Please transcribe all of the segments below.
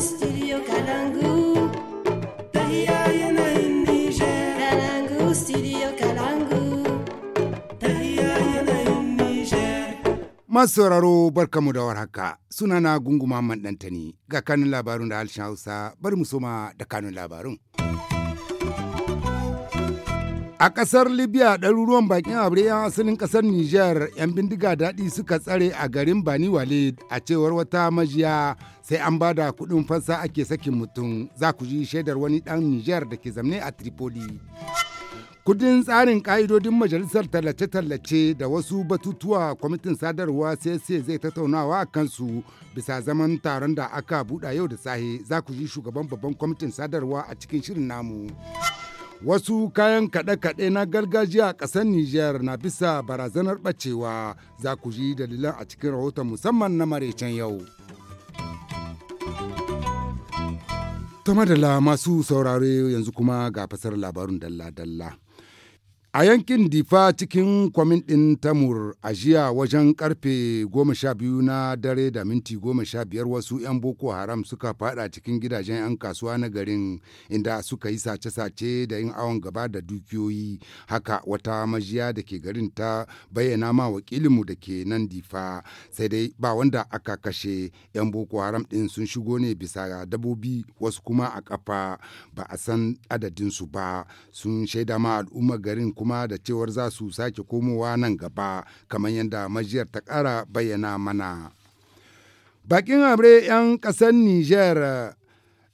studio Masu sauraro barkamu da warhaka. Sunana gunguma Muhammad Dantani. Ga kanun labarun da harshen Hausa, bari mu soma da kanun labarun. A ƙasar Libya ɗaruruwan bakin abre 'yan asalin ƙasar Nijar 'yan bindiga daɗi suka tsare a garin Bani Walid a cewar wata majiya sai an bada kuɗin fansa ake sakin mutum za ku ji shaidar wani ɗan Nijar da ke zamne a Tripoli. Kudin tsarin ƙa'idodin majalisar tallace-tallace da wasu batutuwa kwamitin sadarwa sai zai tattaunawa a kansu bisa zaman taron da aka buɗa yau da sahe za ku ji shugaban babban kwamitin sadarwa a cikin shirin namu. Wasu kayan kaɗe-kaɗe na gargajiya a ƙasar Nijar na bisa barazanar ɓacewa za ku ji dalilan a cikin rahoton musamman na maraicen yau. Tama da masu saurare yanzu kuma ga fasar labarun dalla-dalla. A yankin Difa cikin kwamin ɗin Tamur a jiya wajen karfe 12 na dare da minti 15 wasu 'yan Boko Haram suka fada cikin gidajen 'yan kasuwa na garin inda suka yi sace-sace da yin awon gaba da dukiyoyi. Haka wata majiya da ke garin ta bayyana ma wakilinmu da ke nan Difa sai dai ba wanda aka kashe 'yan Boko Haram ɗin sun shigo ne bisa dabobi wasu kuma a kafa ba a san adadinsu ba sun shaida ma al'ummar garin kuma da cewar za su sake komowa nan gaba kamar yadda majiyar ta ƙara bayyana mana. Bakin abre 'yan ƙasar niger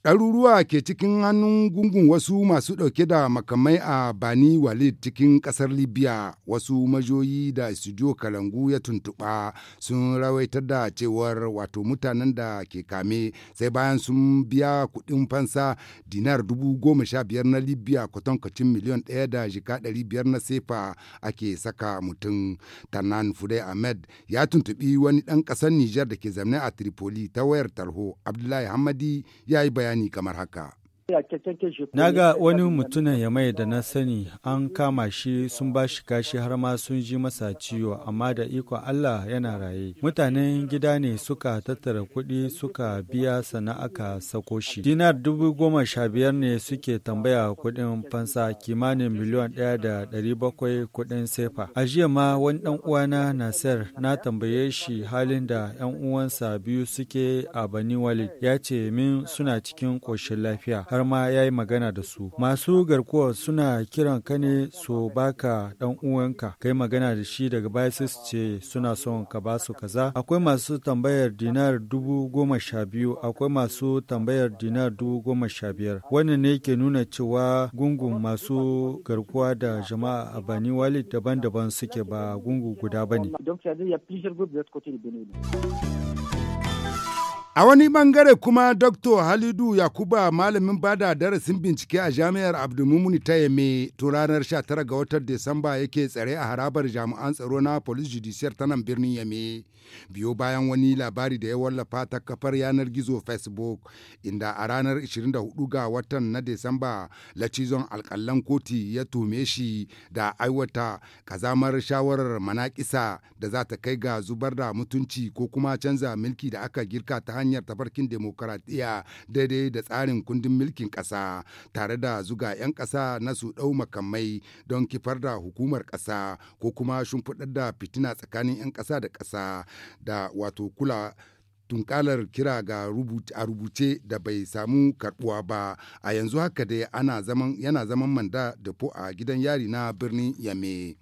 Ɗaruruwa ke cikin hannun gungun wasu masu ɗauke da makamai a Bani Walid cikin ƙasar Libya wasu majoyi da studio Kalangu ya tuntuɓa sun rawaitar da cewar wato mutanen da ke kame sai bayan sun biya kuɗin fansa dinar dubu goma sha biyar na Libya kwatankacin miliyon ɗaya da jika ɗari biyar na sefa ake saka mutum. Tanan Fudai Ahmed ya tuntuɓi wani ɗan ƙasar Nijar da ke zaune a Tripoli ta wayar tarho Abdullahi Hamadi ya yi bayani. Dani kamar haka Na ga wani mutumin ya mai da na sani an kama shi sun ba shi kashi har ma sun ji masa ciwo amma da iko Allah yana raye. Mutanen gida ne suka tattara kuɗi suka biya sana aka sako shi. Dinar dubu goma sha biyar ne suke tambaya kuɗin fansa kimanin miliyon ɗaya da ɗari bakwai kuɗin sefa. A jiya ma wani ɗan uwana Nasir na tambaye shi halin da ‘yan uwansa biyu suke a Bani Walid ya ce min suna cikin ƙoshin lafiya. har ma ya yi magana da su. Masu garkuwa suna kiran ka ne so baka dan uwanka kai magana da shi daga baya sai ce suna son ka ba su kaza. Akwai masu tambayar dinar dubu goma sha biyu akwai masu tambayar dinar dubu goma sha biyar. Wannan ne ke nuna cewa gungun masu garkuwa da jama'a a Bani Wali daban-daban suke ba gungu guda ba ne. A wani bangare kuma Dr. Halidu Yakuba malamin bada darasin bincike a jami'ar Abdulmumuni ta Yeme tun ranar 19 ga watan Desamba yake tsare a harabar jami'an tsaro na Police Judiciaire ta nan birnin Yeme. Biyo bayan wani labari da ya wallafa ta kafar yanar gizo Facebook inda a ranar 24 ga watan na Desamba lacizon alkalan koti ya tume shi da aiwata kazamar shawarar manakisa da za ta kai ga zubar da mutunci ko kuma canza milki da aka girka ta hanyar tafarkin demokaradiyya daidai da tsarin kundin mulkin ƙasa tare da zuga 'yan ƙasa na su ɗau makamai don kifar da hukumar ƙasa ko kuma shimfiɗar da fitina tsakanin 'yan ƙasa da ƙasa da wato kula tunkalar kira ga a rubuce da bai samu karbuwa ba a yanzu haka dai yana zaman manda da a gidan yari na birnin yame.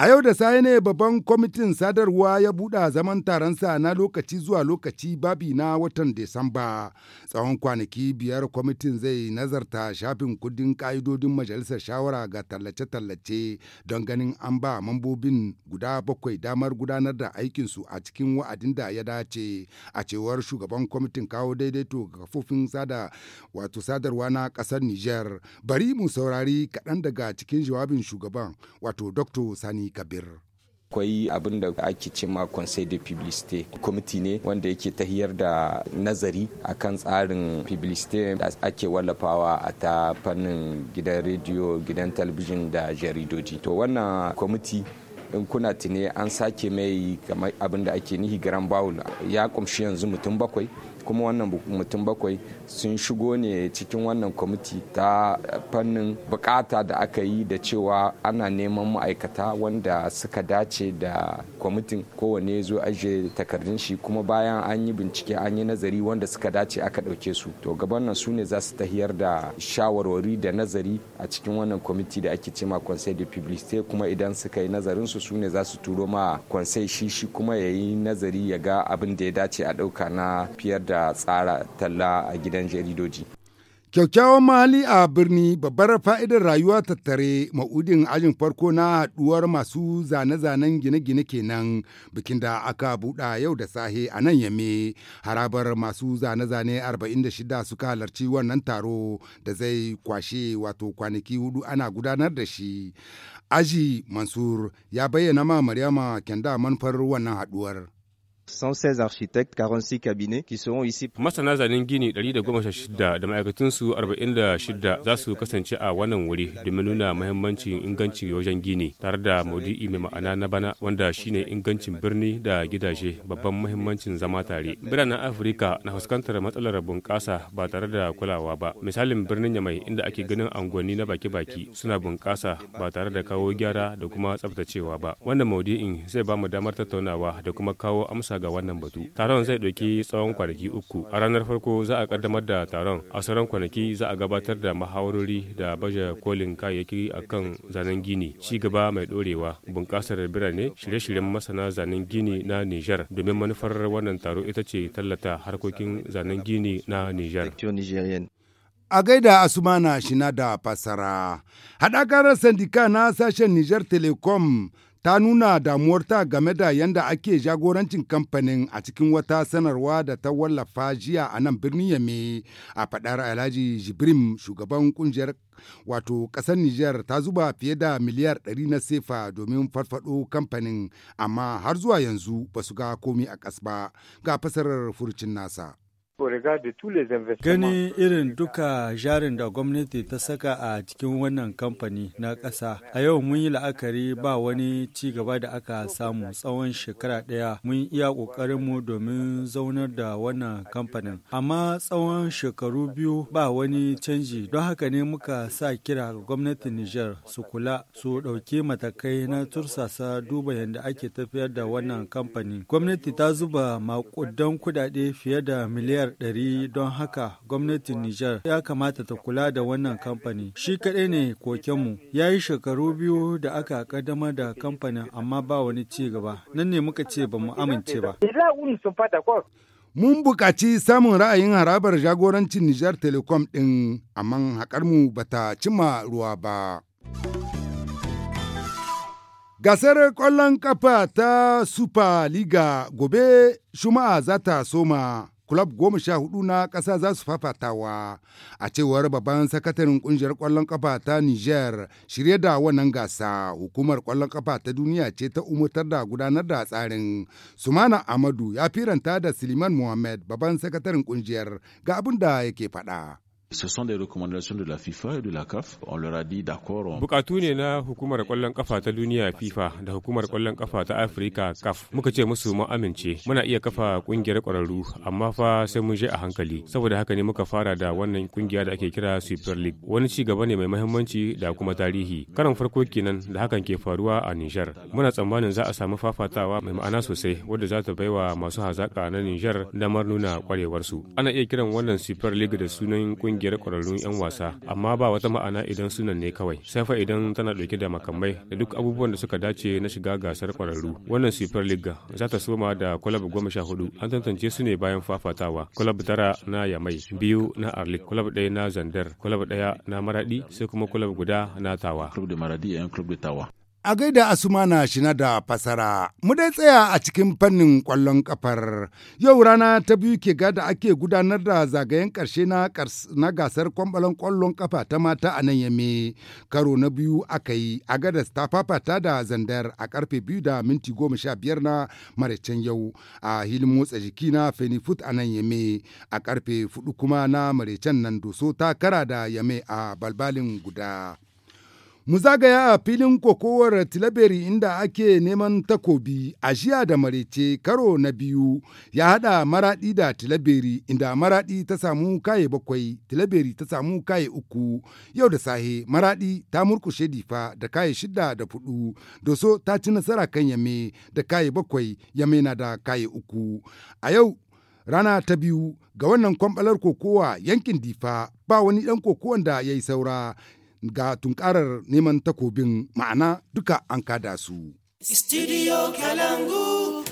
A yau da sai ne babban kwamitin sadarwa ya buɗa zaman taronsa na lokaci zuwa lokaci babi na watan Desamba. Tsawon kwanaki biyar kwamitin zai nazarta shafin kudin ka'idodin majalisar shawara ga tallace-tallace don ganin an ba mambobin guda bakwai damar gudanar da aikinsu a cikin wa'adin da ya dace. A cewar shugaban kwamitin kawo daidaito ga kafofin sada wato sadarwa na ƙasar niger Bari mu saurari kaɗan daga cikin jawabin shugaban wato Dr. Sani Kabir. akwai abin da ake ce ma conseil de publicité kwamiti ne wanda yake tahiyar da nazari akan tsarin publicité da ake wallafawa a ta fannin gidan rediyo gidan talabijin da jaridoji to wannan kwamiti in kuna tune an sake mai kamar abin da ake nihi garan bawul ya kumshi yanzu mutum bakwai kuma wannan mutum bakwai sun shigo ne cikin wannan kwamiti ta fannin bukata da aka yi da cewa ana neman ma'aikata wanda suka dace da kwamitin kowane zo ajiye takardun shi kuma bayan an yi bincike an yi nazari wanda suka dace aka ɗauke su to gaban nan su ne za su tahiyar da shawarwari da nazari a cikin wannan kwamiti da ake cema conseil de publicité kuma idan suka yi nazarin su su ne za su turo ma conseil shi shi kuma ya yi nazari ya ga abin da ya dace a ɗauka na fiyar da tsara talla a gidan jaridoji. Kyakkyawan mahali a birni babbar fa'idar rayuwa tattare ma'udin ajin farko na haɗuwar masu zane-zanen gine-gine kenan bikin da aka buɗa yau da sahe a nan yame harabar masu zane-zane 46 suka halarci wannan taro da zai kwashe wato kwanaki hudu ana gudanar da shi. Aji Mansur ya bayyana ma Maryama kyanda manufar wannan haɗuwar. 116 architectes, 46 cabinets qui seront ici. Masana zanen gini 116 da ma'aikatunsu 46 za su kasance a wannan wuri domin nuna muhimmancin ingancin wajen gini tare da maudu'i mai ma'ana na bana wanda shine ingancin birni da gidaje babban muhimmancin zama tare. Biranen Afirka na fuskantar matsalar bunƙasa ba tare da kulawa ba. Misalin birnin Yamai inda ake ganin anguwanni na baki-baki suna bunƙasa ba tare da kawo gyara da kuma tsabtacewa ba. Wannan maudu'in zai ba mu damar tattaunawa da kuma kawo amsa ga wannan batu. Taron zai ɗauki tsawon kwanaki uku. A ranar farko za a kaddamar da taron. A sauran kwanaki za a gabatar da mahawarori da baje kolin kayayyaki a kan zanen gini, ci gaba mai ɗorewa, bunƙasar birane, shirye-shiryen masana zanen gini na Nijar domin manufar wannan taro ita ce tallata harkokin zanen gini na Nijar. a gaida asumana shina da fasara haɗakar sandika na sashen nijar telecom ta nuna damuwarta game da yadda ake jagorancin kamfanin a cikin wata sanarwa da ta wallafa jiya a nan birnin yame a fadar alhaji jibrim shugaban kungiyar wato kasar niger ta zuba fiye da miliyar 100 na sefa domin farfado kamfanin amma har zuwa yanzu ba su ga komi a kas ba ga fasarar furucin nasa Gani irin duka jarin da gwamnati ta saka a cikin wannan kamfani na ƙasa, a yau mun yi la'akari ba wani ci gaba da aka samu tsawon shekara ɗaya mun iya mu domin zaunar da wannan kamfanin. Amma tsawon shekaru biyu ba wani canji don haka ne muka sa kira ga gwamnatin Nijar su kula su ɗauki matakai na tursasa duba yadda ake tafiyar da wannan kamfani. Gwamnati ta zuba maƙudan kuɗaɗe fiye da miliyar ɗari don haka gwamnatin Nijar ya kamata ta kula da wannan kamfani. Shi kaɗai ne kokenmu. Ya yi shekaru biyu da aka ƙaddamar da kamfanin amma ba wani ci gaba. Nan ne muka ce ba mu amince ba. Mun buƙaci samun ra'ayin harabar jagorancin Nijar Telecom ɗin, amma haƙarmu bata cimma ruwa ba. Gasar ƙwallon ƙafa ta Super Liga gobe Shuma'a za ta soma kulab goma sha hudu na ƙasa za su fafatawa a cewar babban sakataren ƙungiyar kwallon ƙafa ta niger shirye da wannan gasa hukumar kwallon ƙafa ta duniya ce ta umartar da gudanar da tsarin sumana amadu ya firanta da siliman muhammad babban sakataren ƙungiyar ga abin da yake faɗa. Ce sont des recommandations de la FIFA et de la CAF. On leur a dit d'accord. Bukatu ne na hukumar kwallon kafa ta duniya FIFA da hukumar kwallon kafa ta afirika CAF. Muka ce musu mu amince. Muna iya kafa kungiyar kwararru amma fa sai mun je a hankali. Saboda haka ne muka fara da wannan kungiya da ake kira Super League. Wani ci gaba ne mai muhimmanci da kuma tarihi. Karan farko kenan da hakan ke faruwa a Nijar. Muna tsammanin za a samu fafatawa mai ma'ana sosai wadda za ta baiwa masu hazaka na Nijar damar nuna kwarewarsu. Ana iya kiran wannan Super League da sunan kungiyar kungiyar kwararrun 'yan wasa amma ba wata ma'ana idan sunan ne kawai sai fa idan tana ɗauke da makamai da duk abubuwan da suka dace na shiga gasar kwararru wannan super league za ta soma da kwalab goma sha hudu an tantance su ne bayan fafatawa kwalab tara na yamai biyu na arlik kwalab ɗaya na zandar kwalab ɗaya na maradi sai kuma kwalab guda na tawa A gaida na Shina da fasara, mu dai tsaya a cikin fannin ƙwallon ƙafar. Yau rana ta biyu ke gada ake gudanar da zagayen ƙarshe na, gasar kwambalon ƙwallon ƙafa ta mata a nan yame. Karo na biyu aka yi, a gadas ta fafata da zandar a ƙarfe biyu da minti goma sha biyar na maraicen yau a hilin motsa jiki na Fenifut a nan yame. A ƙarfe fudu kuma na maraicen nan doso ta kara da yame a balbalin guda. Mu zagaya a filin kokowar Tilaberi inda ake neman takobi a jiya da marece karo na biyu ya haɗa maraɗi da Tilaberi inda maraɗi ta samu kaye bakwai Tilaberi ta samu kaye uku yau da sahe maraɗi ta murkushe difa da kaye shida da fudu doso ta ci nasara kan yame da kaye bakwai yame na da kaye uku a yau rana ta biyu ga wannan kwamɓalar kokowa yankin difa ba wani ɗan kokowan da ya yi saura ga tunkarar neman takobin ma'ana duka an kada su. Studio Kalangu.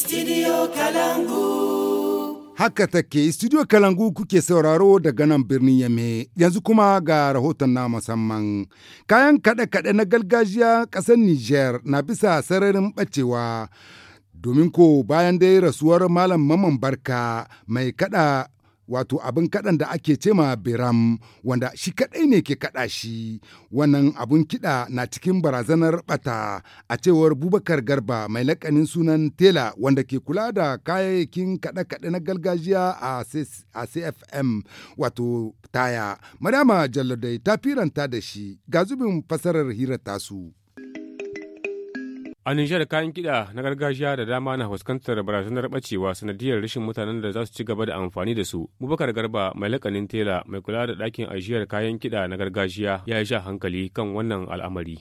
Studio Kalangu. Haka take Studio Kalangu kuke sauraro daga nan birnin Yame yanzu kuma ga rahoton na musamman. Kayan kaɗe-kaɗe na gargajiya ƙasar niger na bisa sararin ɓacewa. Domin ko bayan dai rasuwar Malam Maman Barka mai kaɗa wato abin kaɗan da ake cema biram wanda shi kaɗai ne ke kaɗa shi wannan abun kiɗa na cikin barazanar ɓata a cewar bubakar garba mai lakanin sunan tela wanda ke kula da kayayyakin kaɗe-kaɗe na gargajiya a cfm wato taya madama jalladai ta firanta da shi ga zubin fasarar hirar tasu. A Nijar kayan kiɗa na gargajiya da dama na fuskantar barazanar bacewa sanadiyar rashin mutanen da za su ci gaba da amfani da su. Bubakar Garba mai lakanin tela mai kula da ɗakin ajiyar kayan kiɗa na gargajiya ya yi sha hankali kan wannan al'amari.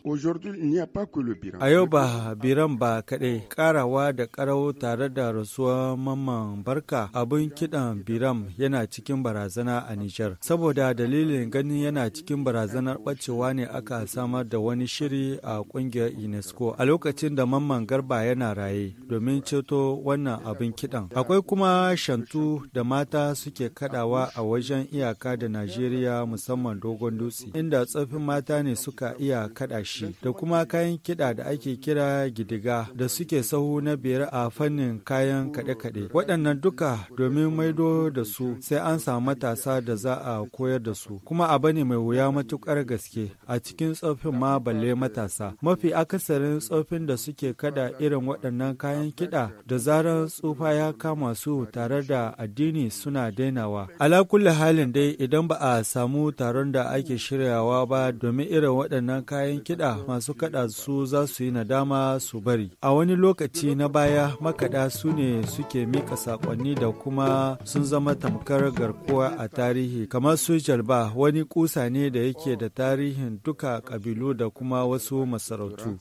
A yau ba biran ba kaɗai ƙarawa da ƙarau tare da rasuwa mamman barka abin kiɗan biram yana cikin barazana a Nijar. Saboda dalilin ganin yana cikin barazanar bacewa ne aka samar da wani shiri a ƙungiyar UNESCO a lokacin lokacin da mamman garba yana raye domin ceto wannan abin kiɗan. Akwai kuma shantu da mata suke kaɗawa a wajen iyaka da Najeriya musamman dogon dutse, inda tsoffin mata ne suka iya kaɗa shi, da kuma kayan kiɗa da ake kira gidiga da suke sahu na biyar a fannin kayan kaɗe-kaɗe. Waɗannan duka domin maido da su sai an samu matasa da za a koyar da su, kuma abu ne mai wuya matukar gaske a cikin tsofin ma balle matasa. Mafi akasarin tsofin da suke kada irin waɗannan kayan kiɗa da zarar tsufa ya kama su tare da addini suna dainawa. Alakulli halin dai idan ba a samu taron da ake shiryawa ba domin irin waɗannan kayan kiɗa masu kaɗa su za su yi nadama su bari. A wani lokaci na baya makaɗa su ne suke mika saƙonni da kuma sun zama tamkar garkuwa a tarihi kamar su jalba wani kusa ne da yake da tarihin duka ƙabilu da kuma wasu masarautu.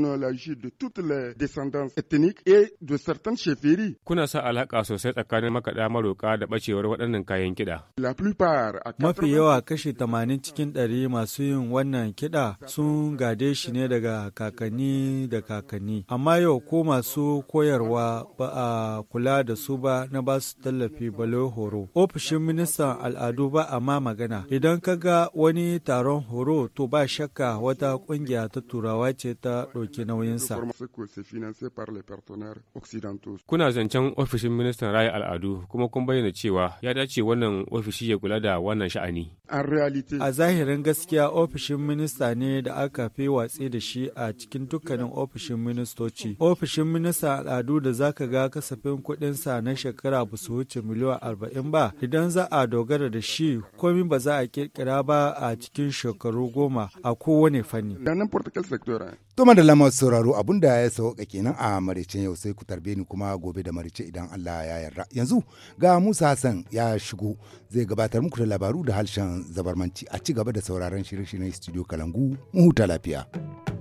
généalogie de toutes les descendances ethniques et de certaines chefferies. Kuna sa alaka sosai tsakanin makaɗa maroka da ɓacewar waɗannan kayan kiɗa. La plupart mafi yawa kashi 80 cikin 100 masu yin wannan kiɗa sun gade shi ne daga kakanni da kakanni. Amma yau ko masu koyarwa ba a kula da su ba na ba su tallafi balo horo. Ofishin ministan al'adu ba a ma magana. Idan ka ga wani taron horo to ba shakka wata ƙungiya ta turawa ce ta ɗauki ɗauki nauyinsa. Kuna zancen ofishin ministan raya al'adu kuma kun bayyana cewa ya dace wannan ofishi ya kula da wannan sha'ani. A zahirin gaskiya ofishin minista ne da aka fi watsi da shi a cikin dukkanin ofishin ministoci. Ofishin ministan al'adu da za ka ga kasafin kuɗinsa na shekara ba su wuce miliyan arba'in ba idan za a dogara da shi komi ba za a kirkira ba a cikin shekaru goma a kowane fanni. To da lama sauraro abun da ya sauka kenan a maricen yau sai ku tarbe ni kuma gobe da marice idan Allah ya yarda. Yanzu ga Musa Hassan ya shigo zai gabatar muku da labaru da harshen zabarmanci a ci gaba da sauraron shirye-shiryen studio Kalangu mu huta lafiya.